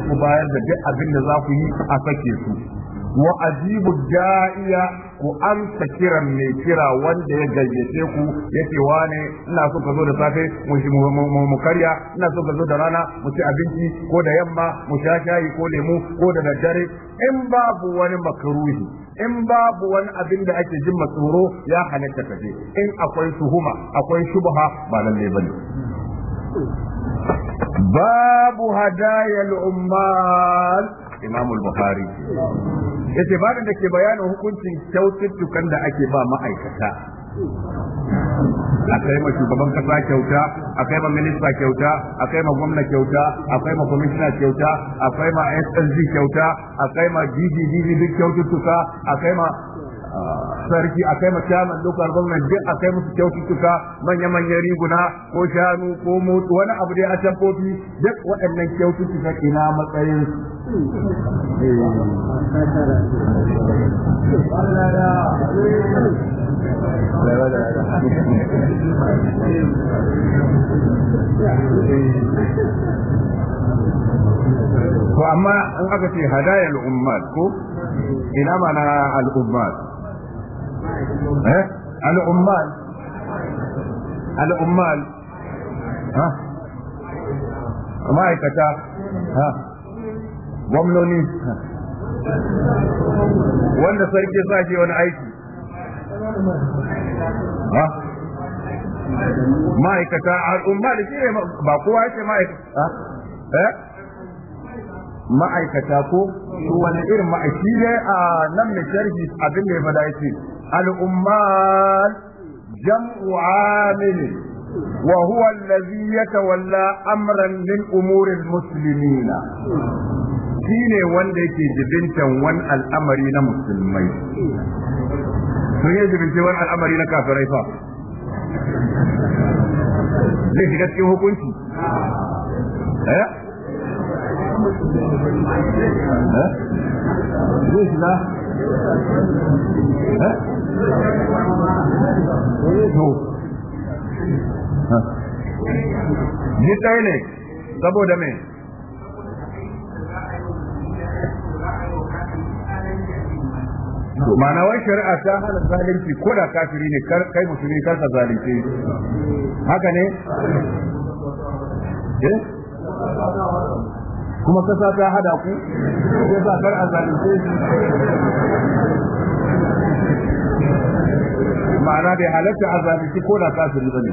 ku bayar da duk abin da za ku yi a sake su wa ajibu da'iya ku amsa kiran mai kira wanda ya gayyace ku yake wane ina so ka zo da safe mu karya ina so ka zo da rana mu ci abinci ko da yamma mu sha shayi ko lemu ko da daddare in babu wani makaruhi in babu wani abin da ake jin tsoro, ya halatta kaje in akwai tuhuma akwai shubha ba lalle bane babu hadayar umar imamul buhari ya ce da ke bayanin hukuncin kyaututtukan da ake ba ma'aikata a kai ma shugaban kasa kyauta a kai ma minista kyauta a kai ma gwamna kyauta a kai ma kwamishina kyauta a kai ma sng kyauta a kai ma ggd duk kyaututtuka a kai ma sarki a kai mai lokal gwamnati duk a kai musu kyaututtuka manya-manyan riguna ko shanu ko motsi wani abu dai a can kofi duk waɗannan kyaututtuka ina matsayin to amma in aka ce hadayar ummat ko ina mana al'ummat eh al'ummal al'ummal ha ma'aikata ha gwamnoni wanda sarki sa ke wani aiki ha ma'aikata al'ummal shi ne ba kowa yake ma'aikata eh ma'aikata ko wani irin ma'aiki ne a nan mai sharhi abin da ya fada yake الأمال جمع عامل وهو الذي يتولى أمرا من أمور المسلمين shine wanda yake jibintan wani al'amari na musulmai sun yi jibince wani al'amari na kafirai fa zai shiga cikin hukunci Ji ne, saboda me? Mana wai shari'a ta hana zalunci ko da kafiri ne kai musulmi kar ka zalunci. Haka ne? Eh? Kuma kasa ta hada ku? Ko sa kar a zalunce ma'ana bai halatta azabi shi ko da kafiri bane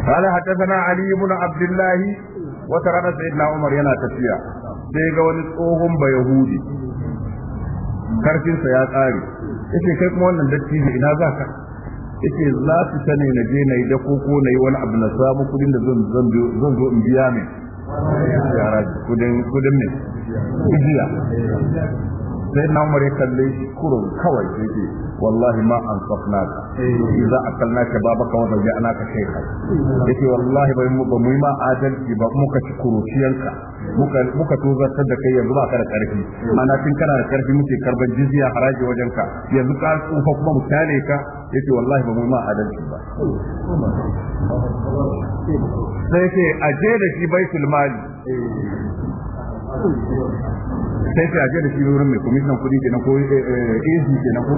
قال حدثنا علي بن عبد الله وترى سيدنا عمر ينا تفيا sai ga wani tsohon ba yahudi karfinsa ya tsari. yace kai kuma wannan dattijo ina za ka yace za su sani na je na yi da koko na yi wani abu na samu kudin da zan zo in biya mai kudin mai? ijiya sai na umar ya kalle shi kurun kawai sai ce wallahi ma an safna ka za a kalla ka baba ka wanda ya ana ka kai ka yace wallahi bai mu ba mu yi ma adalci ba muka ci kuruciyanka muka muka tozartar da kai yanzu ba ka da karfi ana tun kana da karfi muke karban jizya haraji wajen ka yanzu ka tsufa kuma mu tale ka yace wallahi ba mu yi ma adalci ba sai ke aje da shi baitul mali sai sai aje da shi wurin mai kwamishinan kudi ke ko eh, eh, AC ke ko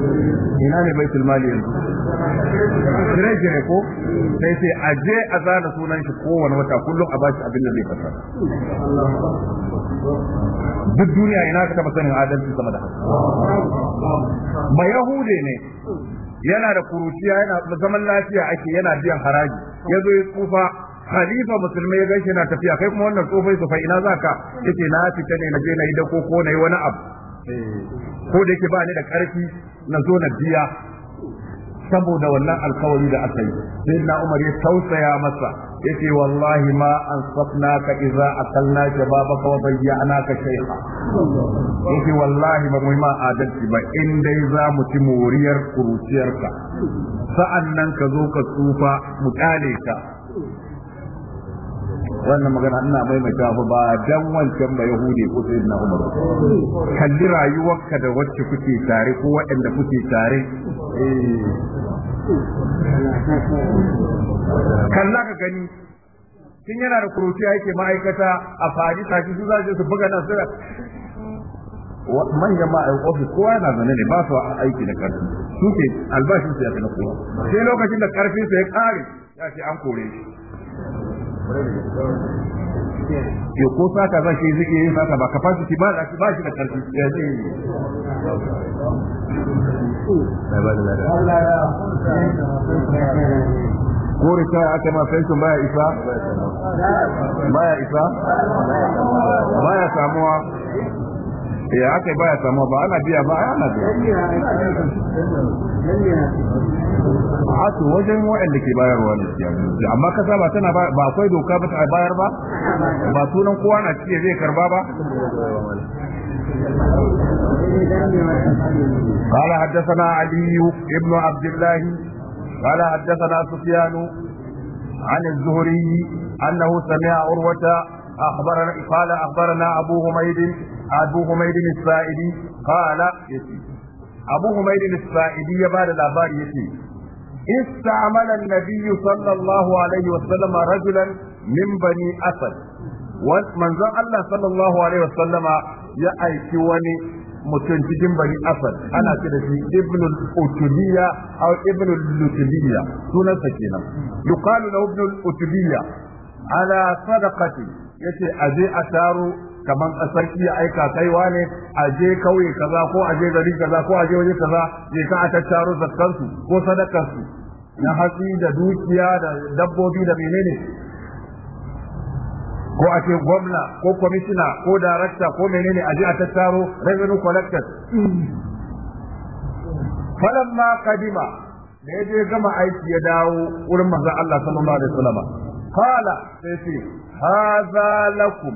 ina ne mai sulmali yanzu kire ne ko sai sai je a zana sunan shi kowane wata kullum a bashi abin da zai fasa duk duniya ina ka taba sanin adalci sama da haka ba yahude ne yana da kuruciya yana zaman lafiya ake yana biyan haraji ya ya tsufa khalifa musulmai ya gaishe na tafiya kai kuma wannan tsofai su fa ina zaka yace na fita ne na je na yi dako ko na yi wani abu ko da yake ba ni da karfi na zo na biya saboda wannan alkawari da aka yi sai na umar ya tausaya masa yace wallahi ma ansafnaka idza akalna shababaka wa ka shaykha yace wallahi ba muhimma ma adalci ba in dai za mu ci moriyar kuruciyarka sa'annan ka zo ka tsufa mu kale ka wannan magana ina mai fa ba dan wancan ba yahudi ko sai na umar kalli rayuwarka da wacce kuke tare ko waɗanda kuke tare kalla ka gani tun yana da kuruciya yake ma'aikata a fari tashi su zaje su buga nasu manyan ma'ayin ofis kowa yana zane ne ba su aiki da karfi su ke albashin su ya fi na kowa sai lokacin da karfin su ya kare ya ce an kore shi yo ko saka za shi zike yin saka ba capacity ba da ba shi da karfi ya zai yi ko rita aka ma pension baya isa baya isa baya samuwa ya aka yi baya samu ba ana biya ba ana biya a su wajen wa'anda ke bayarwa ne amma kasa ba tana ba akwai doka ba ta bayar ba ba sunan kowa na cike zai karba ba قال حدثنا علي بن عبد الله قال حدثنا سفيان عن الزهري انه سمع عروه اخبرنا قال اخبرنا ابو حميد abu humaydi nisba'idi qala yace abu humaydi nisba'idi ya bada labari yace istamala an-nabiy sallallahu alaihi wasallam rajulan min bani asad wan Allah sallallahu alaihi wasallam ya aiki wani mutum cikin bani asad ana kira shi ibnu utubiya aw ibnu lutubiya sunan sa kenan yuqalu lahu ibnu utubiya ala sadaqati yace aje asharu kamar a sarki ya aika kaiwa ne a je kauye kaza ko a je gari kaza ko a je waje kaza je ka a tattaro zakkansu ko sadakarsu na hatsi da dukiya da dabbobi da menene ko a ce gwamna ko kwamishina ko darakta ko menene a je a tattaro revenue collectors falamma kadima da ya je gama aiki ya dawo wurin manzon Allah sallallahu alaihi wasallam kala sai haza لكم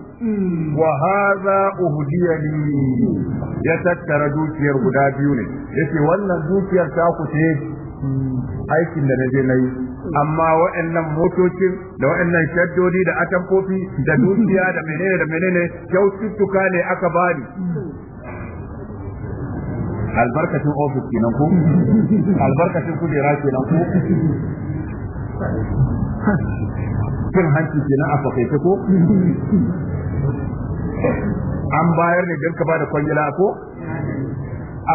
wa haza لي li ya tattara dukiyar guda biyu ne yace wannan dukiyar ta ku je aikin da naje nayi amma wa'annan motocin da wa'annan shaddodi da atamfofi da dukiya da menene da menene kyaututtuka ne aka bani albarkacin ofis kenan ko albarkacin kujera kenan ko cin hanci na a ko an bayar ne don ka ba da kwangila ko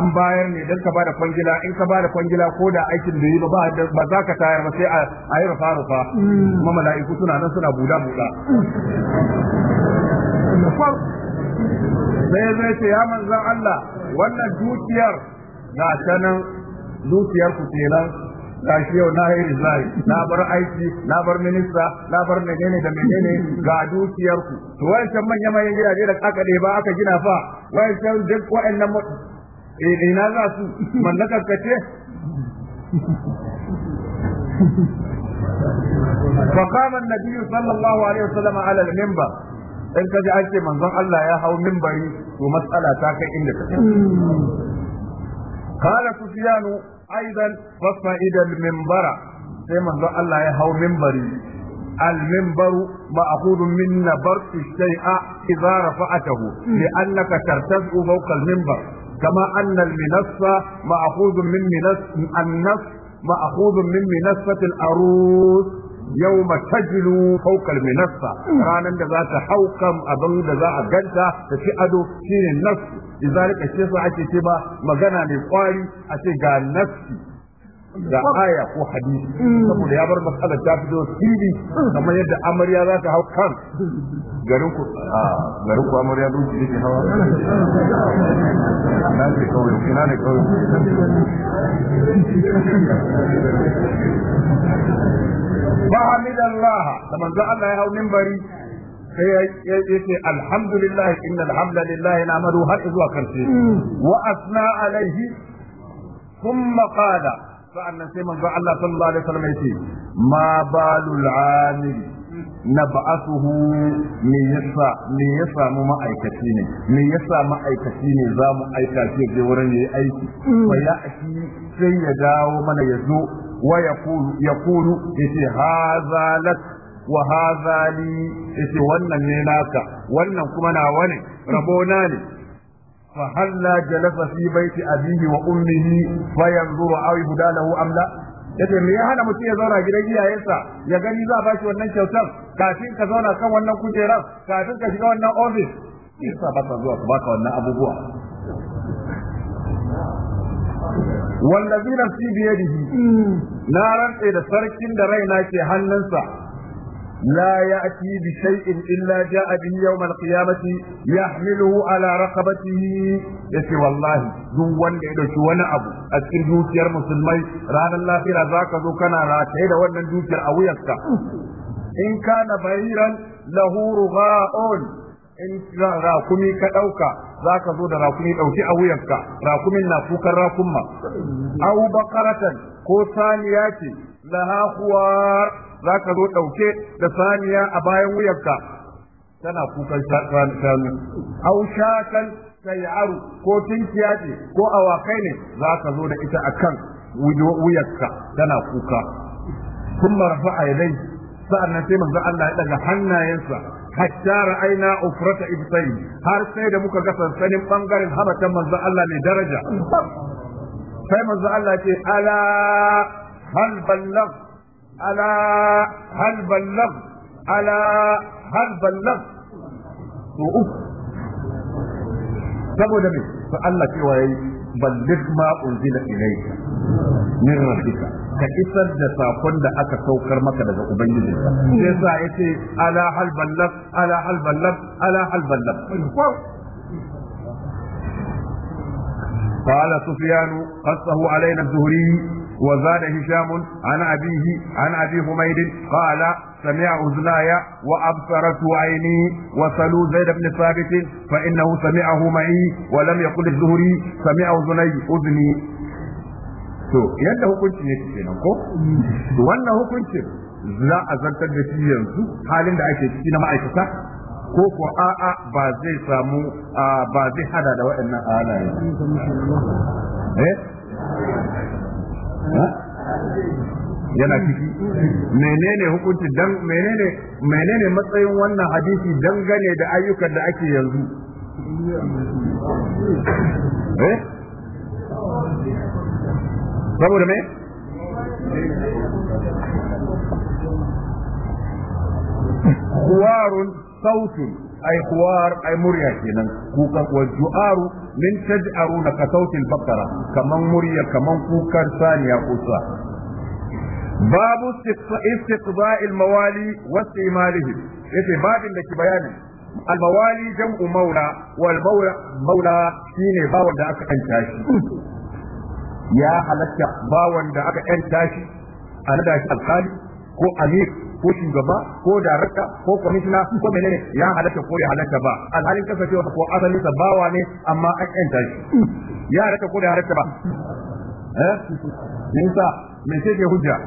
an bayar ne don ka ba da kwangila in ka ba da kwangila ko da aikin da yi ba ba za ka tayar ba sai a yi rufa rufa kuma mala'iku suna nan suna buda buda sai zai ce ya manzan Allah wannan dukiyar na ta dukiyar ku kenan gashi yau na yi resign na bar aiki na bar minista na bar menene da menene ga dukiyar ku to wancan manya manyan gidaje da aka ba aka gina fa Wai wancan duk wa'annan eh, ina za su mallakar ka ce فقام النبي sallallahu alaihi عليه وسلم على المنبر in ka ji ake manzon Allah ya hau mimbari to matsala ta kai inda ta قال سفيان hmm. ايضا waffa idan mimbara sai manzo Allah ya hau mimbari المنبر مأخوذ من نبر الشيء إذا رفعته لأنك ترتفع فوق المنبر كما أن المنصة مأخوذ من منص النص مأخوذ من منصة الأروس Yau matajiru fawqa al ranar da za ta haukan abin da za a ganta ta ci ado shine nafsi izalika shi sa ake ce ba magana ne kwari a ce ga nafsi ga aya ko hadisi saboda ya bar matsalar ta fito fili kamar yadda amarya za ta hau kan garin ku a garin ku amarya don yake hawa na kawai ne kawai فحمد الله لما زعل الله يهو منبري sai alhamdulillah inna alhamdulillah na madu har zuwa karshe hmm. wa asna alaihi thumma qala sa'annan sai manzo Allah sallallahu alaihi wasallam yace ma balul amil nab'athuhu me yasa me mu ma'aikaci ne me yasa ma'aikaci ne za mu aika shi je wurin yayi aiki hmm. fa ya sai ya dawo mana ya zo ويقول يقول إيه هذا لك وهذا لي إيه ونن لناك ونن كما ناوني ربوناني لا جلس في بيت أبيه وأمه فينظر أو يبداله أم لا yace me ya hana mutum ya zauna gidan iyayensa ya gani za a bashi wannan kyautar kafin ka zauna kan wannan kujerar kafin ka shiga wannan ofis isa ba ka zuwa ba ka wannan abubuwa wallazina fi biyadihi na rantse da sarkin da raina ke hannunsa ya ya'ti bi in illa ja'a bihi yawm al-qiyamati yahmiluhu ala raqabatihi yace wallahi duk wanda ya dauki wani abu a cikin dukiyar musulmai ranar lafiya zaka zo kana rataye da wannan dukiyar a wuyarka in kana bayiran lahu rugha'un in rakumi ka ɗauka za ka zo da rakumi ɗauki a wuyanka rakumin na kukan rakunma au bakaratan ko saniya ce laha kuwar za ka zo ɗauke da saniya a bayan wuyanka tana kukan shanu au shakan sayaru ko tinkiya ce ko awakai ne za ka zo da ita akan wuyanka tana kuka ثم a يديه sa'an nan sai manzo Allah ya daga hannayensa hatta ra'ayna ufrata ibtayn har sai da muka ga sansanin bangaren habatan manzo Allah ne daraja sai manzo Allah ce ala hal ballag ala hal ballag ala hal ballag to uku saboda me to Allah cewa yayi ballig ma unzila ilayka min rabbika ka isar da sakon da aka saukar maka daga ubangiji sai yasa yace ala hal ballab ala hal ballab ala hal ballab قال سفيان قصه علينا الزهري وزاد هشام عن أبيه عن أبي حميد قال سمع أذناي وأبصرت عيني وسلوا زيد بن ثابت فإنه سمعه معي ولم يقل الزهري سمع أذني أذني to yadda hukuncin yake kenan ko wannan hukuncin za a zartar da shi yanzu halin da ake ciki na ma'aikata ko ko a'a ba zai samu ba zai hada da waɗannan halaye eh? yana ciki menene hukunci dan menene menene matsayin wannan hadisi dangane da ayyukan da ake yanzu eh saboda me kuwarun sautin ai kuwar ai murya kenan kukan wa ju'aru min na ka sautin bakara kaman murya kaman kukan saniya ko sa. babu istiqba'il mawali wa istimalihim yace babin da ke bayani, al-mawali jam'u mawla wal mawla mawla shine bawan da aka kanta shi ya halatta bawan da aka yan tashi a nada shi alkali ko amir ko shugaba ko darakta ko kwamishina ko menene ya halatta ko ya halatta ba alhalin kasancewa ko asali sa bawa ne amma an yan tashi ya halatta ko ya halatta ba eh nisa me ce ke hujja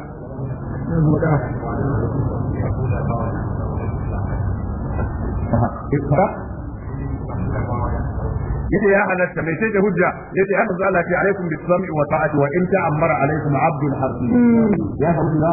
Aha, eh, yace ya halatta mai sai da hujja yace haka zalla fi alaikum bis sam'i wa ta'ati wa in ta'ammara alaikum abdul harbi ya fahimta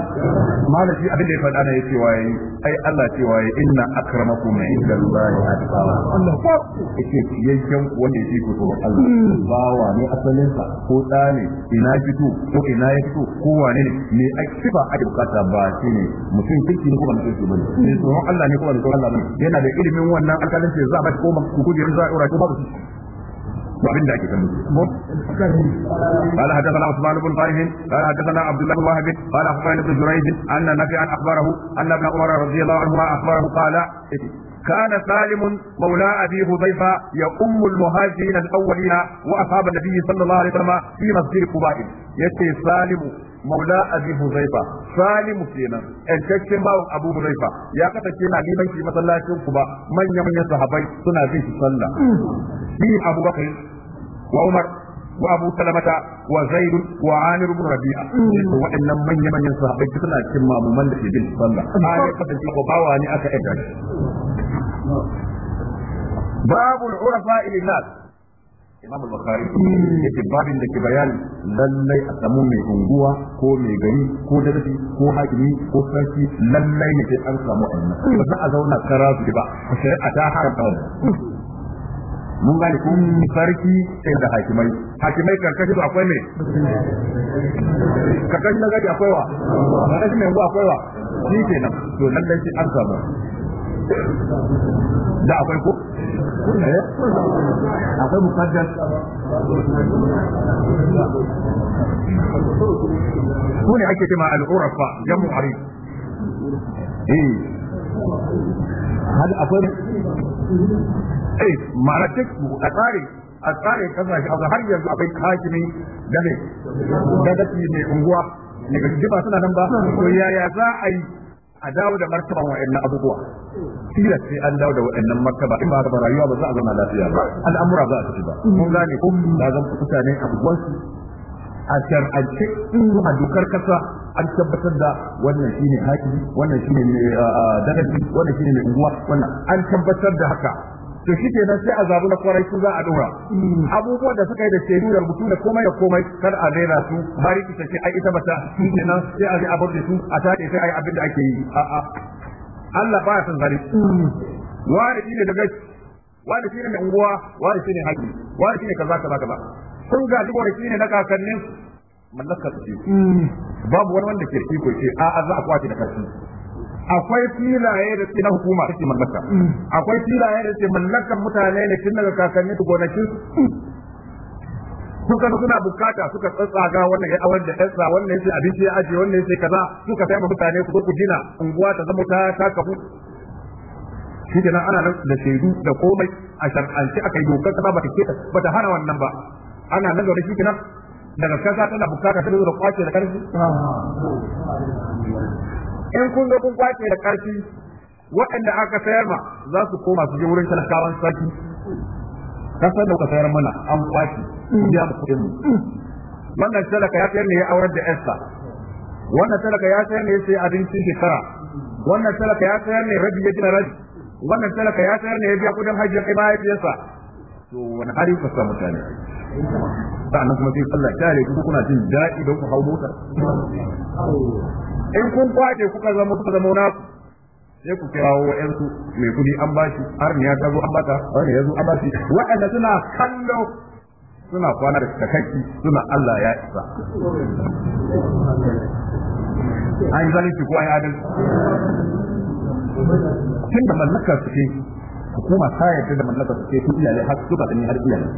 malaki abin da ya faɗa na yace waye ai Allah ce waye inna akramakum inda Allah atqawa Allah ko yace yankan wanda yake ku to Allah bawa ne asalin sa ko da ne ina fito ko ina ya fito ko wane ne me akifa a bukata ba shine mutum kike ne ko ba mutum bane ne tsoron Allah ne ko ba Allah ne. yana da ilimin wannan alƙalin sai za a bashi ko kujerin za a ɗora ko babu abin da ake kan musu قال حدثنا عثمان بن طارق قال حدثنا عبد الله بن وهب قال اخبرنا ابن جريج ان نافعا اخبره ان ابن عمر رضي الله عنهما اخبره قال كان سالم مولى ابي حذيفه يؤم المهاجرين الاولين واصحاب النبي صلى الله عليه وسلم في مسجد قباء يتي سالم maula abi huzaifa salimu kenan yankakken bawan abu huzaifa ya kasance na limanci masallacin ku ba manya manyan sahabai suna bin shi sallah bi abu bakari وعمر وابو سلمة وزيد وعامر بن ربيعة وان من يمن صحابي كنا كما من في بن صلى انا قد وباواني اكا اجل باب العرفاء للناس imam al-bukhari mm. yake babin da ke bayani lallai a samu mai unguwa ko mai gari ko darasi ko hakimi ko sarki lallai ne sai an samu annabi mm. ba za a zauna kara ba shari'a ta haramta mun gane ko sarki sai da hakimai hakimai karkashin to akwai me karkashin na gaji akwai wa karkashin mai akwai wa shi ke nan to nan dai an samu da akwai ko eh? akwai mukaddas su ne ake cewa al'urafa jamu arif eh hada akwai eh ma'ana duk a tsare a tsare kasashe a har yanzu akwai hakimi da ne da da mai unguwa ne ga jiba suna nan ba to yaya za a yi a dawo da martaban wa'annan abubuwa kila sai an dawo da wa'annan martaba in ba da rayuwa ba za a zama lafiya ba al'amura za a ci ba mun gane kun da zan mutane abubuwan a shar'ance in a dokar kasa an tabbatar da wannan shine hakimi wannan shine ne dagaci wannan shine ne unguwa wannan an tabbatar da haka to shi kenan sai a zabi na kwarai su za a dora mm. abubuwan da suka yi da shaidu da rubutu da komai da komai kar a daina su bari ki ce ai ita bata shi kenan sai a ji a bar su a tace sai ai abin da ake yi a'a Allah ba ya san zari mm. wani ne daga wani shine mai unguwa wani shine haƙi wani shine kaza kaza kaza sun ga duk wani shine na kakannin mallaka su mm. babu wani wanda ke iko ce a'a za a kwace da kashi akwai filaye da na hukuma take mallaka akwai filaye da ke mallakan mutane ne tun daga kakanni su gonakin suka suna bukata suka tsatsaga wannan ya awar da tsatsa wannan yace abinci ya aje wannan yace kaza suka sai mutane ku ku dina unguwa ta zama ta ta kafu shi kenan ana nan da shaidu da komai a shar'anci aka yi dokar kasa bata keta bata hana wannan ba ana nan da shi kenan daga kasa tana bukata ta zo da kwace da karfi in kun ga kun kwace da karfi waɗanda aka sayar ma za su koma su je wurin talakawan sarki kasar da ka sayar mana an kwace ya mu kuɗin wannan talaka ya sayar ne ya aurar da esta wannan talaka ya sayar ne sai abinci shekara wannan talaka ya sayar ne rabi ya gina rabi wannan talaka ya sayar ne ya biya kudin hajji kai mahaifiyarsa to wani hari ka sa mutane sa'annan kuma sai sallah ta kare ku kuna jin daɗi don ku hau motar? in kun kwaɗe kuka zama kuka zama ku sai ku wa wa'yansu mai kudi an bashi har ne ya tazo an bata har ne ya zo an bashi wa'anda suna kallo suna kwana da takaki suna Allah ya isa an zalunci ko an adalci tun da mallaka su ce hukuma ta yadda da mallaka su ce sun iyaye har suka tsani har iyaye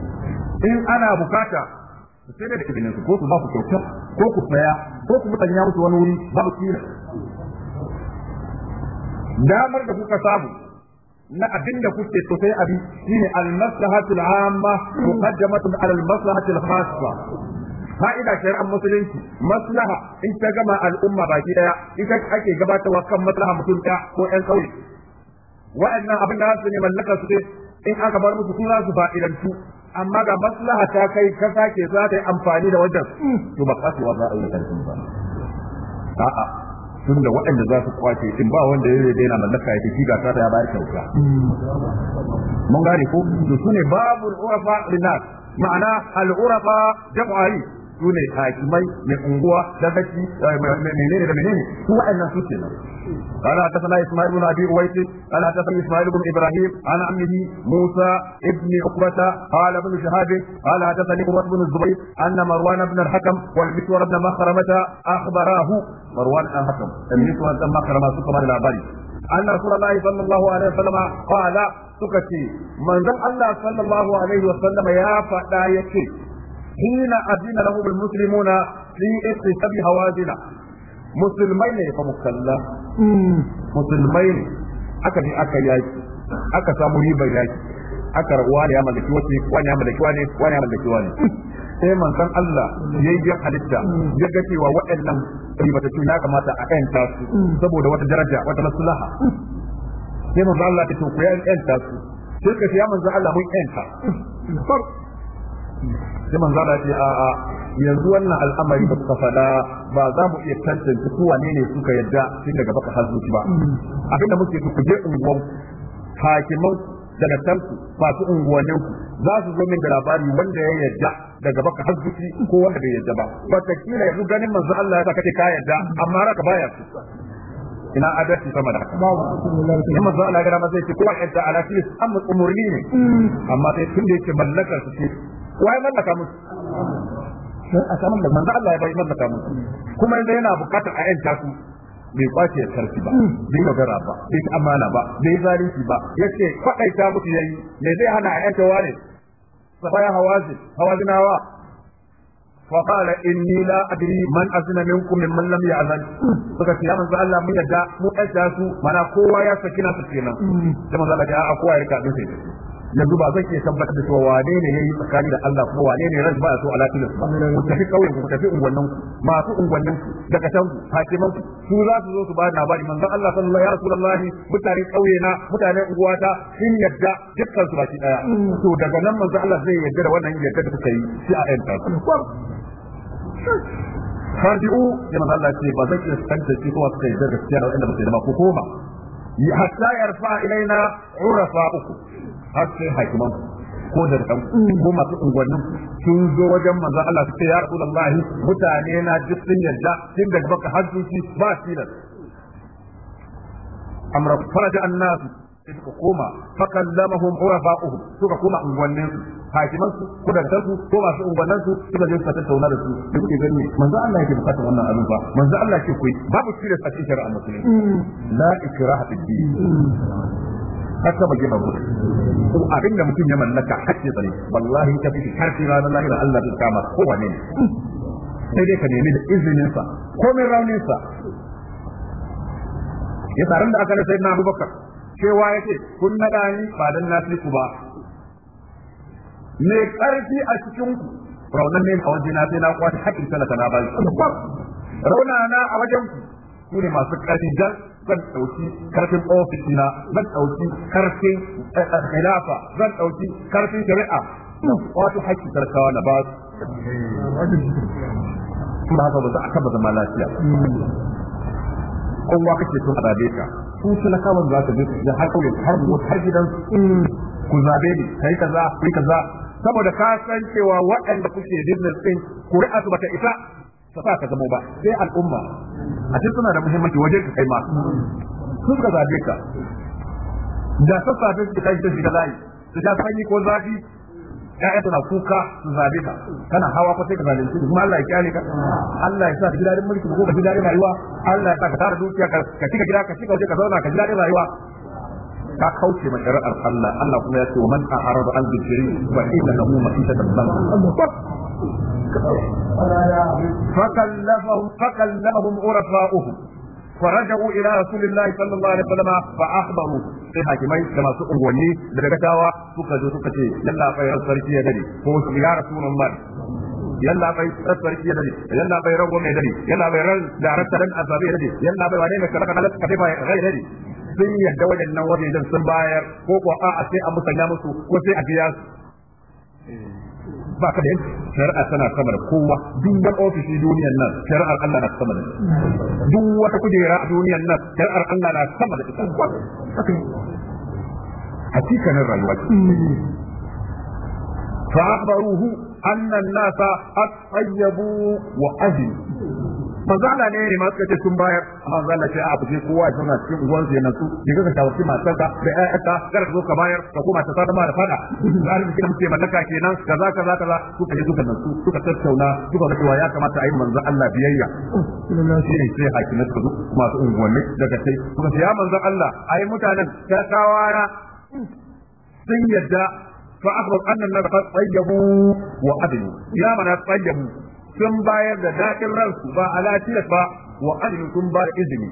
in ana bukata sai da izinin su ko su ba ku kyauta ko ku saya ko ku mutanya musu wani wuri ba ku kira damar da kuka samu na abin da kuke so sai abin shine al-maslahatul amma muqaddamatun ala al-maslahatil khassa fa'ida shari'ar musulunci maslaha in ta gama al'umma baki daya ita ake gabatarwa kan maslaha mutum ɗaya ko yan kauye wa'annan abin da su ne mallaka su in aka bar musu su za su fa'idantu amma ga maslaha ta kai ka sake za ta yi amfani da wajen hmm. to ba kasuwa za a yi karfin ba a'a tun da waɗanda za su kwace in ba wanda ya zai daina mallaka ya fi ga ta ya bayar kyauta hmm. mun gane ko su ne babu urafa linas ma'ana al'urafa urafa su ne hakimai mai unguwa dagaci menene da menene su wa'annan su kenan قال حدثنا اسماعيل بن ابي اويس قال حدثني اسماعيل بن ابراهيم عن عمه موسى ابن عقبة قال ابن شهاب قال حدثني قرة بن الزبير ان مروان بن الحكم والمسور بن مخرمة اخبراه مروان بن الحكم المسور بن مخرمة سكر الى أن رسول الله صلى الله عليه وسلم قال سكتي من ذا الله صلى الله عليه وسلم يا فتاة حين adina lahu bil في fi iktisabi مسلمين musulmai ne fa mm. musulmai ne aka bi aka yaki aka samu ribar yaki aka rawa ne ya mallaki wani ya mallaki wani wani ya mallaki wani sai Allah ya yi biyan halitta mm. ya ga cewa waɗannan ribatattu ya kamata a ƴanta su mm. saboda wata daraja wata maslaha sai manzon Allah ta ce ku sai ka ya Allah mun sai manzo ce a a yanzu wannan al'amari da kuka faɗa ba za mu iya tantance ko wane ne suka yadda tun daga baka har zuci ba abinda muke ku je unguwan hakiman da ba masu unguwannin ku za su zo min da labari wanda ya yadda daga baka har ko wanda bai yadda ba ba ta kila yanzu ganin manzo Allah ya saka ka yadda amma raka baya su ina adalci sama da haka in manzo Allah ya ga ma zai ce ko yadda ala fi amma umurni ne mm. amma sai tun da yake mallakar su ce wai mallaka musu sai a samu da manzo Allah ya bai mallaka musu kuma idan yana bukatar a yanta su bai kwace ya karfi ba bai magana ba bai amana ba bai zalunci ba yace kwadaita musu yayi me zai hana a yanta wane sabaya hawazin hawazinawa فقال إني لا أدري من أذن منكم من من لم يأذن فقط يا من الله من يدع مؤسس من أقوى يسكن سكينا كما قال جاء أقوى يركع yanzu ba zan iya tabbatar da cewa wane ne yayi tsakani da Allah kuma wane ne ran ba so alatin ba ku tafi kauye ku tafi ungwannin ku masu ungwannin ku daga can ku hakiman ku su za su zo su ba labari manzon Allah sallallahu alaihi rasulullah mutane kauye na mutane unguwata sun yadda dukkan su baki daya to daga nan manzon Allah zai yadda da wannan yadda da kuka yi shi a yanta farji'u ya maza Allah ce ba zan iya shi ko wasu yi da gaskiya da wanda ba su da ma ku koma hatta yarfa ilaina urafa uku har sai hakiman ko da dan ko masu unguwanni sun zo wajen manzo Allah sai ya Rasulullahi mutane na duk sun yarda tun da baka hajjuci ba da amra faraja annas suka koma fakallamahum urafa'uhum suka koma unguwannin hakiman su kudantar su ko masu unguwannin su suka je suka tattauna da su da kuke gani manzo Allah yake bukata wannan abin ba manzo Allah yake koyi babu tilas a cikin shari'a musulmi mm. la ikraha fid din mm. har sama gefen kudu abin da mutum ya mallaka hakki tsare wallahi ka fi karfi ranar lahira Allah zai kama kowane ne sai dai ka nemi da izininsa raunin rauninsa ya taron da aka rasa na abubakar cewa ya ce kun naɗa ni ba dan na ku ba me ƙarfi a cikin ku raunan ne a wajen na sai na kwashe haƙƙin talaka na ba raunana a wajen ku su ne masu ƙarfi dan zan ɗauki ƙarfin ofis na zan ɗauki karfin eh, eh, khilafa zan ɗauki karfin shari'a wato haƙƙi tarkawa na ba su Su ba haka ba za a taba zama lafiya kowa kake so a zabe ka su talakawan za ta je har kauye har har gidan ku zabe ni kai kaza kai kaza saboda ka san cewa waɗanda kuke business din kuri'a su ba ta isa ta sa ka zama ba sai al'umma a ce suna da muhimmanci waje ka kai ma sun ka zabe ka da sassafe su kai shi shiga layi su ja sanyi ko zafi ya'ya tana kuka su zabe ka kana hawa ko sai ka zabe su kuma Allah ya kyale ka Allah ya sa ka ji mulki ko ka ji rayuwa Allah ya sa ka tara dukiya ka cika gida ka cika waje ka zauna ka ji rayuwa ka kauce ma shari'ar Allah Allah kuma ya ce wa man a'rada an dhikri fa inna lahu ma'isatan dhanka فكلفهم فكلفهم عرفاؤهم فرجعوا الى رسول الله صلى الله عليه وسلم فاخبروا sai hakimai da masu unguwanni da daga suka zo suka ce yalla fa yar sarki ya ko ya rasulullah yalla bai sarki ya dare yalla bai rago mai dare yalla bai ran da rasta dan ne sun yarda waɗannan wajejen sun bayar ko ko a sai a musanya musu ko sai a biya su ba ka da yanki shari'a tana sama da kowa duk wani ofishi duniyar nan shari'ar Allah na sama da duk wata kujera a duniyar nan shari'ar Allah na sama da ita hakikanin rayuwa fa akhbaruhu anna an-nasa at-tayyibu wa ajin manzo ne ne masu kace sun bayar amma ah, manzo Allah ce a fice kowa ya zauna cikin uwan sai nasu diga ka shawarci matarka da ƴaƴanka kar ka zo ka bayar ka koma ta sada ma da fada zalim kin muke mallaka kenan kaza kaza kaza suka je suka nasu suka tattauna suka ga cewa ya kamata a yi manzo Allah biyayya sai sai hakimai suka masu unguwanni daga sai kuma ya manzo Allah ai mutanen ta kawara sun yadda fa akhbar anna an-nas qad tayyabu wa adlu ya mana tayyabu sun bayar da daɗin ransu ba a lafiyar ba wa ajin sun ba da izini.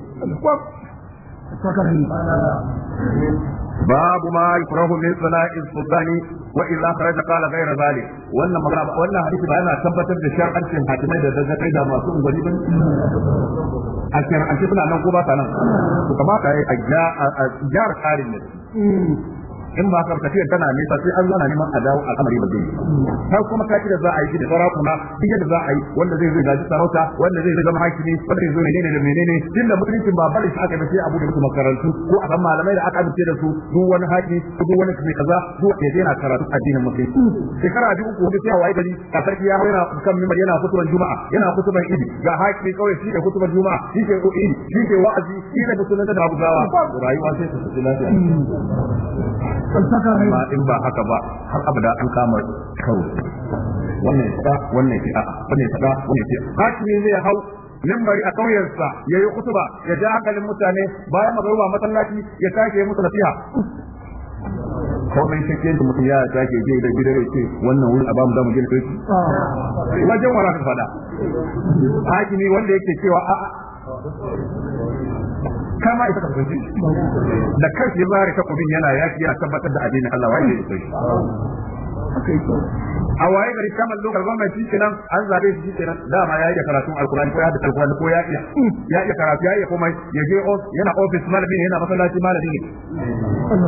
Babu ma yukurahu min sana in sultani wa illa kare da kala gaira zali wannan magana hadisi ba yana tabbatar da shakarcin hatimai da zaka da masu ungwani ba a shirin an shi suna nan ko ba ta nan a gyara karin ne in ba ka tafiyar tana nisa sai an zana neman a dawo al'amari ba zai har kuma kaci da za a yi da sarakuna duk da za a yi wanda zai zai gaji sarauta wanda zai zai zama ne, wanda zai zo menene da menene din da mutuncin ba bari aka bi sai abu da mutum makarantu ko a san malamai da aka amince da su duk wani ko duk wani kuma kaza duk da yana karatu addinin musulunci shekara biyu uku hudu sai waye gari ka sarki ya yana kan mimbar yana kutuban juma'a yana kutuban idi ga ne kawai shi ke kutuban juma'a shi ke idi shi ke wa'azi shi ne musulunta da abubuwa rayuwa sai su lafiya amma in ba haka ba har abada an kama karo wannan fada wannan fada wannan fada wannan a. hakimi zai hau mimbari a ƙauyensa ya yi kutuba ya ja hankalin mutane bayan magaruba masallaci ya sake musu nasiha komai cikin da mutum ya sake je da gidan ya ce wannan wuri a bamu zamu je da kai wajen wara ka fada hakimi wanda yake cewa a'a kama isa ka fahimci da kashi ya zare takobin yana yaki yana tabbatar da addinin Allah wai ne ya a waye gari kamar local government shi kenan an zabe shi shi kenan dama ya yi da karatun alkurani ko ya da alkurani ko ya iya ya iya karatu ya iya komai ya je yana office malami ne yana masallaci malami ne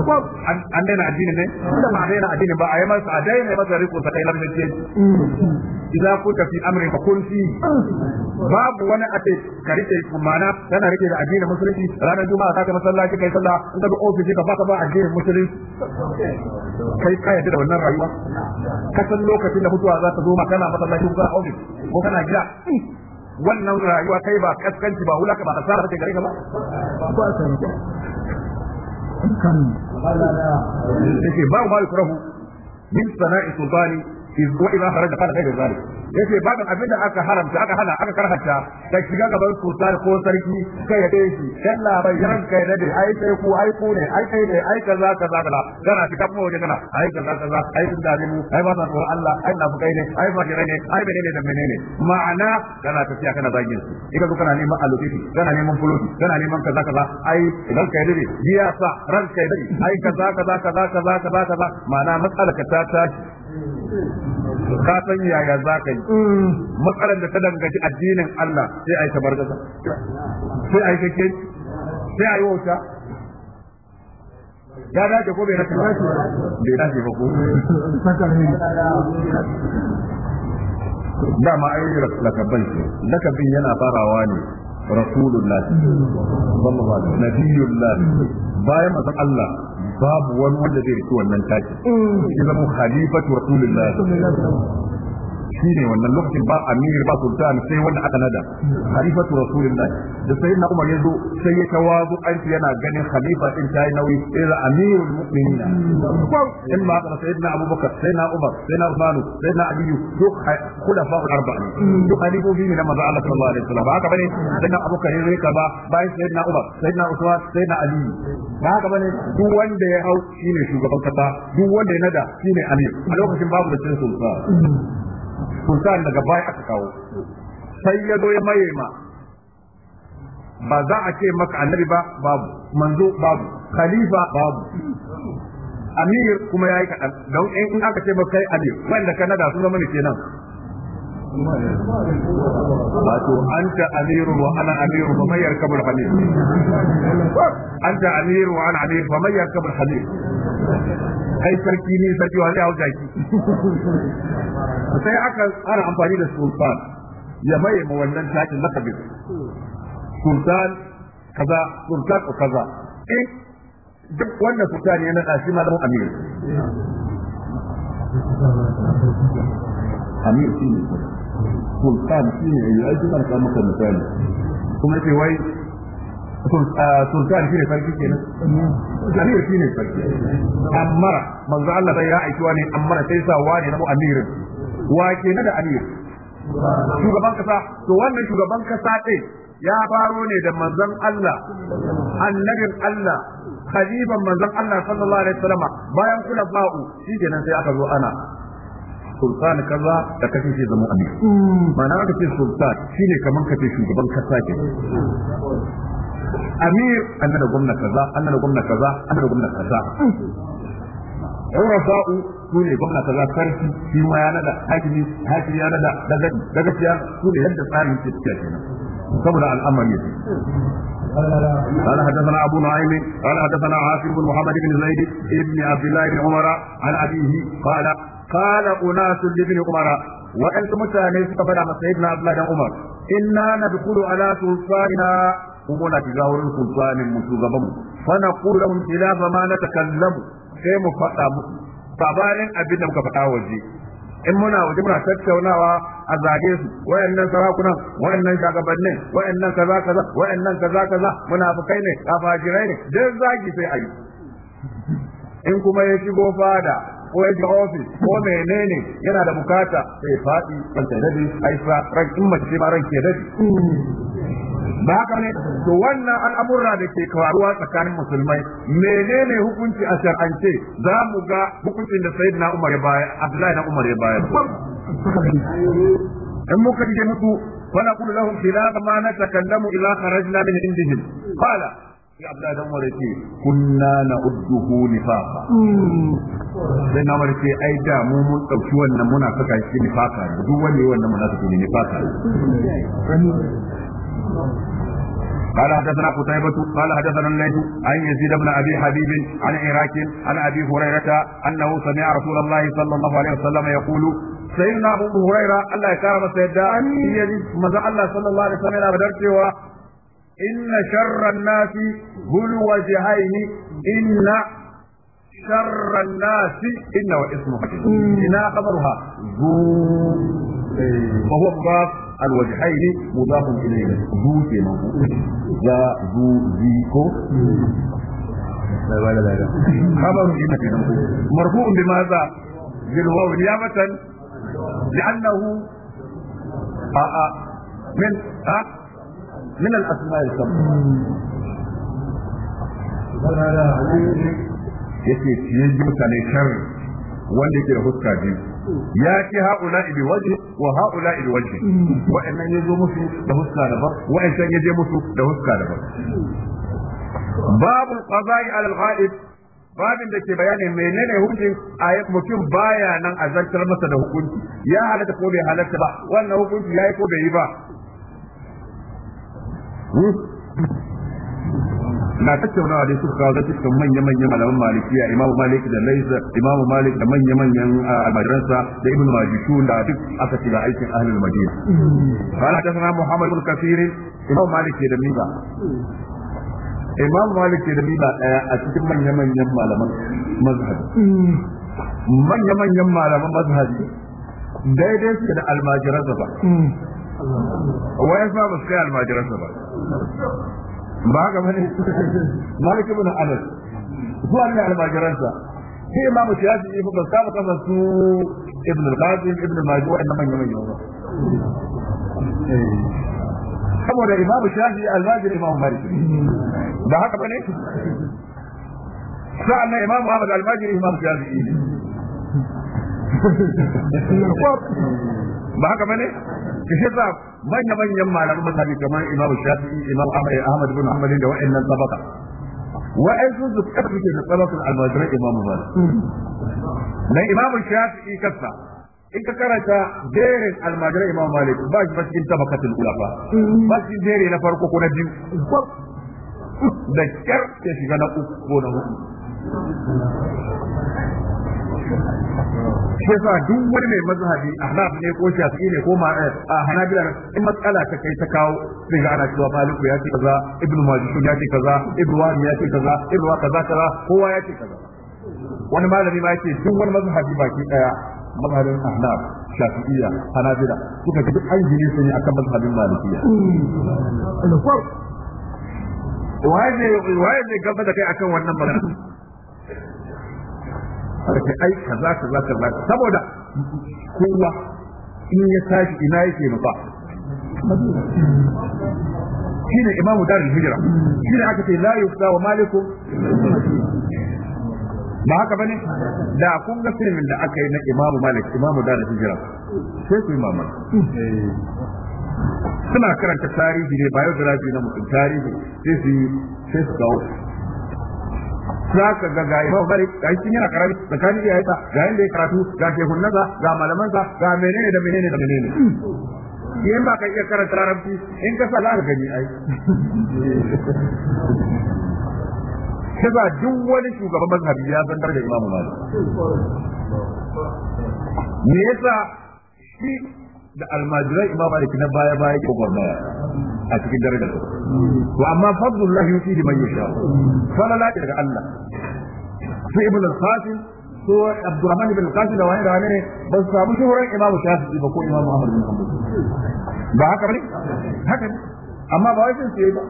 ko an daina addini ne da ba daina addini ba a yi masa a daina masa riko ta kai lafiya ce idza kunta fi amrin fa kun fi babu wani a ate karike mana kana rike da addinin musulunci ranar juma'a ta kai masallaci kai sallah in ka ofis office ka baka ba addinin musulunci kai ka yadda da wannan rayuwa ka san lokacin da mutuwa za ta zo ma kana masallaci ko kana office ko kana gida hmm, wannan rayuwa kai ba kaskanci ba wulaka ba kasara take gare ka ba ba san ka kan ba ba ba ba ba ba ba ba ba wa idza da fala kai yace babin abin da aka haramta aka hana aka karhata ka shiga gaban sultan ko sarki kai ya kai shi dan labai kai da ai sai ku ai ku ne ai kai ne ai kana cikin mu waje kana ai kaza ai mu ai ba ta Allah ai na fukai ne ai ai da ma'ana kana su idan neman neman neman ai idan kai biya sa ran kai ai ma'ana matsalar ka ta tashi ka san yaya za ka yi mm. matsalar da ta dangaci addinin Allah sai a yi tabargaza sai a yi kake sai a yi wauta ya dace ko bai dace ta, bai dace ba ko dama ayyukan lakabin lakabin yana farawa ne rasulullah sallallahu bayan manzon Allah babu wani wanda zai riki wannan taki mm. ya zama khalifatu rasulullah shine wannan lokacin ba amir ba sultan sai wanda aka nada khalifatu rasulullah da sai na umar yazo sai ya tawazu an yana ganin khalifa din tayi nauyi sai da amirul mu'minin in ma ka sai na abubakar sai na umar sai na usman sai na aliyu duk khulafa arba'a duk khalifofi ne na manzo Allah sallallahu alaihi wasallam haka bane sai na abubakar yayi kaza bai sai na umar sai na usman sai na aliyu haka bane duk wanda ya hau shine shugaban kasa duk wanda ya nada shine amir a lokacin babu da cin sultan sultan daga baya aka kawo sai ya zo ya maye ma ba za a ce maka annabi ba babu manzo babu khalifa babu amir kuma yayi kadan don in aka ce maka kai amir wanda kanada su zama ne kenan wato anta Amiru wa ana amirun fa mayyar kabul hamir anta amirun wa ana amir fa mayyar kabul hamir kai sarki ne sarki wa zai hau jaki sai aka ana amfani da sultan ya maye ma wannan takin lakabin sultan kaza sultan kaza in eh, duk wanda sultan ya naɗa shi ma dan amiri amir shi ne sultan shi ne ya ji maka misali kuma ce wai sultan shi ne sarki kenan amir shi ne sarki ammara manzo Allah sai ya aiki wani ammara sai sa wani na amirin wa kenan da amir shugaban kasa to wannan shugaban kasa ɗin ya faro ne da manzon Allah annabin Allah khaliban manzon Allah sallallahu alaihi wasallam bayan kula ba'u shi kenan sai aka zo ana sultan kaza da kace shi zama amir hmm. ma'ana aka sultan shine kaman kace shugaban kasa ke amir an da gwamna kaza an da gwamna kaza an da gwamna kaza urafa'u su ne gwamna kaza sarki shi ma ya nada hakimi hakimi ya daga daga ciya yadda tsarin ke saboda al'amari yake قال حدثنا ابو نعيم قال حدثنا عاصم بن محمد بن زيد بن عبد الله بن عمر عن ابيه قال قال اناس لابن عمر وانت متى ليس فلا مسعيدنا عبد الله بن عمر انا ندخل على سلطاننا kuma na shiga wurin sultanin mu shugabanmu fa mun lahum ba ma takallamu sai mu faɗa musu sabanin abin da muka faɗa waje in muna waje muna tattaunawa a zage su wayannan sarakunan wayannan shagabannin wayannan kaza kaza wayannan kaza kaza munafikai ne kafajirai ne dan zagi sai ayi in kuma ya shigo fada ko ya ji ofis ko menene yana da bukata sai faɗi kan tare da ai ran in mace ma ran ke dadi ba haka ne to wannan al'amurra da ke faruwa tsakanin musulmai menene hukunci a shar'ance za mu ga hukuncin da sayyidina Umar ya bayar Abdullahi na Umar ya bayar in muka je mutu فنقول لهم خلاف ما نتكلم إذا خرجنا من عندهم قال يا عبد الله عمر كنا نعده نفاقا kunna na marke ai da mu mun dauki wannan muna saka shi nifaka duk wanda wannan munafiki ne nifaka قال حدثنا قتيبة قال حدثنا الليث عن يزيد بن ابي حبيب عن عراك عن ابي هريرة انه سمع رسول الله صلى الله عليه وسلم يقول سيدنا ابو هريرة الله يكرم سيدنا ماذا الله صلى الله عليه وسلم بدرته ان شر الناس هل وجهين ان شر الناس ان واسمها انا خبرها ذو وهو مضاف الوجهين مضاف إليه ذو كما ذا ذو ذيكو خبر مرفوع بماذا؟ بالواو نيابة لأنه من من الأسماء السبعة yake ciye mutane shar wanda yake da huska biyu ya ce ha'ula ibi waje wa ha'ula ibi waje wa'annan ya zo musu da huska da ba wa'annan ya je musu da huska da ba babu kwazai al-ghaib babin da ke bayani menene hukuncin a mutum baya nan a masa da hukunci ya halarta ko bai halatta ba wannan hukunci ya yi ko bai yi ba hmm? na tattaunawa dai suka kawo zaki cikin manya-manyan malaman malikiya imam malik da laisa imam malik da manya-manyan ah, almajiransa da ibn da duk aka shiga aikin ahlul madina muhammad kafir imam malik da imam malik da daya a cikin manya-manyan malaman mazhabi manya-manyan malaman mazhabi daidai da almajiransa ba ba su kai almajiransa ba ba ga bane malik ibn anas zuwa ne sa sai imam shafi ibn ba sa ka su ibn al-qasim ibn majid wa inna man yamin ba eh. saboda imam shafi almajir imam malik ba haka bane sa'an nan imam ahmad almajir imam shafi ba haka bane ki shi sa manya manyan malaman masabi kamar Imam Shafi'i Imam Ahmad Ahmad ibn Ahmad da wa'annan sabaka wa'ansu su kafi ke da sabakul almajirai Imam Malik dan Imam Shafi'i kasa in ka karanta jerin almajirai Imam Malik ba shi cikin tabakatul ulafa ba cikin jere na farko ko na biyu da kyar ke shiga na uku ko na hudu shi yasa duk wani mai mazhabi ahnaf ne ko shafi'i ne ko ma a hanabila in matsala ta kai ta kawo sai ga ana cewa maliku ya ce kaza ibnu majid ya ce kaza ibnu wahab ya ce kaza ibnu kaza kaza kowa ya ce kaza wani malami ma yace duk wani mazhabi baki daya mazhabin ahnaf shafi'iyya hanabila suka ga duk an jini su ne akan mazhabin malikiyya waye ne waye ne gaba da kai akan wannan magana aka ai kaza kaza kaza saboda kowa in ya tashi ina yake nufa shine imamu darul hijra shine aka ce la yufta wa maliku ba haka bane da kun ga filmin da aka yi na imamu malik imamu da da hijira sai ku imamu suna karanta tarihi ne biography na mutum tarihi sai su sai su za ka ga ga imam malik ga shi yana kan yi iyayensa ga inda ya karatu ga shehunnansa ga malamansa ga menene da menene da menene in ba ka iya karanta larabci in ka sa za ka gani ai kaza duk wani shugaban mazhabi ya san da imamu malik me yasa shi da almajirai imam malik na baya baya ke gwamnati a cikin darajar to amma fadlullah yuti da man yasha falala daga Allah sai ibn al-qasim so abdurrahman ibn al-qasim da wani rane ba su samu shuhuran imam shafi'i ba ko imam ahmad bin hanbal ba haka bane haka ne amma ba wai sun sai ba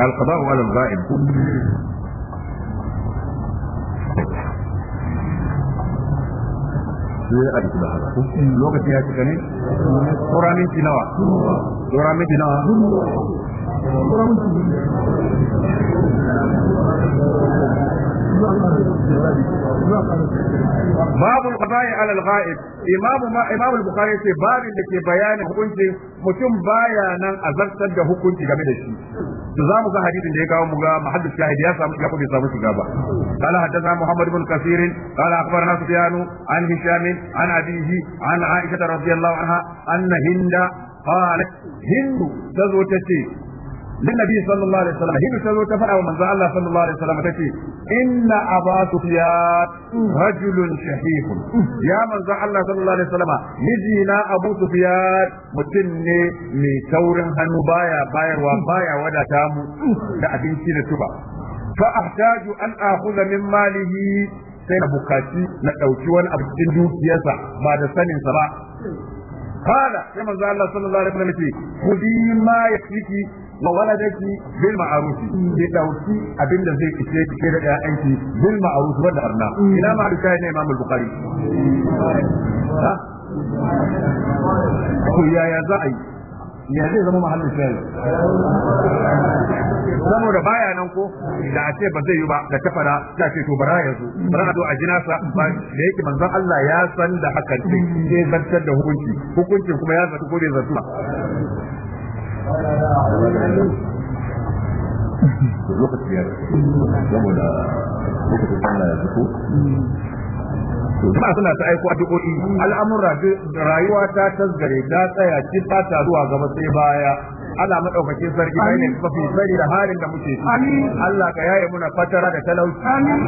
القضاء على الغائب sai a duk da haka lokacin ya cika ne minti nawa minti nawa minti باب القضاء على al امام ما امام البخاري باب da ke bayanin hukunci mutum baya nan azartar da hukunci game da shi to zamu ga hadithin da ya kawo mu ga muhaddis shahid ya samu shiga ko samu shiga ba قال حدثنا محمد بن كثير قال اخبرنا سفيان عن هشام عن ابيه عن عائشه رضي الله عنها ان هند قالت هند تزوجتي lin nabi sallallahu alaihi wasallam ta ta wa manzo Allah sallallahu alaihi wasallam tace inna aba sufyan rajulun shahih ya manzo Allah sallallahu alaihi wasallam miji na abu sufyan mutum ne mai taurin hannu baya bayarwa baya wadata mu da abinci da tuba fa ahtaju an akhudha min malihi sai na bukaci na ɗauki wani abu cikin dukiyarsa ba da saninsa ba قال كما قال الله صلى da ki bil ma'arufi ke dauki abin da zai kice kike da ƴaƴanki bil ma'ruf wa da arna ina ma duka ne Imam Bukhari ko ya za ai yi ya zai zama mahallin shayar saboda baya nan ko da a ce ba zai yi ba da ta fara ta ce to bara yanzu bara a zo a jinasa ba da yake manzon Allah ya san da hakan zai zartar da hukunci hukuncin kuma ya zartu ko bai zartu lokaci biyar saboda lokacin sallah ya fito suna suna ta aiko addu'o'i al'amura rayuwa ta tasgare ta tsaya ci ba ta taruwa gaba sai baya Allah madaukakin sarki kai ne mafi sani da halin da muke ciki Allah ka yaye muna fatara da talauci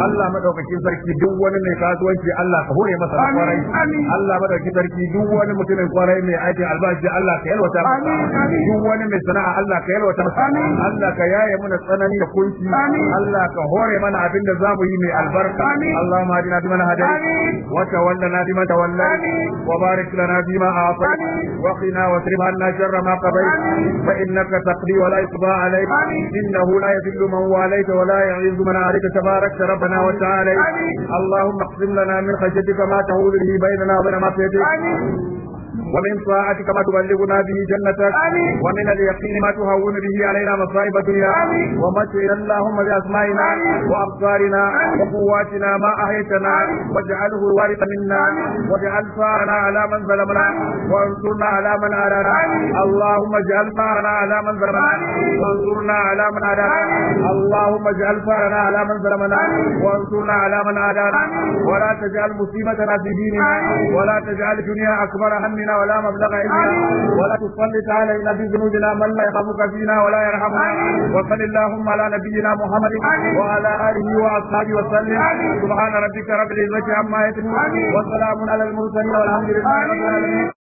Allah madaukakin sarki duk wani mai kasuwanci Allah ka hure masa kwarai Allah madaukakin sarki duk wani mutumin kwarai mai aikin albashi Allah ka yalwata masa duk wani mai sana'a Allah ka yalwata masa Allah ka yaye muna tsanani da kunci Allah ka hore mana abin da za mu yi mai albarka Allahumma hadina biman hadayt wa tawallana biman tawallayt wa barik lana bima a'tayt وقنا واصرف عنا شر ما قضيت فإنك تقضي ولا يقضى عليك إنه لا يذل من واليت ولا يعز من عليك تبارك ربنا وتعالى اللهم اقسم لنا من خشيتك ما تهول به بيننا وبين معصيتك ومن طاعتك ما تبلغنا به جنتك آمين. ومن اليقين ما تهون به علينا مصائب الدنيا ومتعنا اللهم بأسمائنا وأبصارنا وقواتنا ما أهيتنا واجعله الوارث منا واجعل ثارنا على من ظلمنا وانصرنا على من عادانا اللهم اجعل ثارنا على من ظلمنا وانصرنا على من عادانا اللهم اجعل ثارنا على من ظلمنا وانصرنا على من عادانا ولا تجعل مصيبتنا في ديننا ولا تجعل الدنيا أكبر همنا ولا مبلغ علمنا ولا تسلط علينا بذنوبنا من لا يخافك فينا ولا يرحمنا وصل اللهم على نبينا محمد وعلى اله واصحابه وسلم سبحان ربك رب العزه عما يصفون وسلام على المرسلين والحمد لله رب العالمين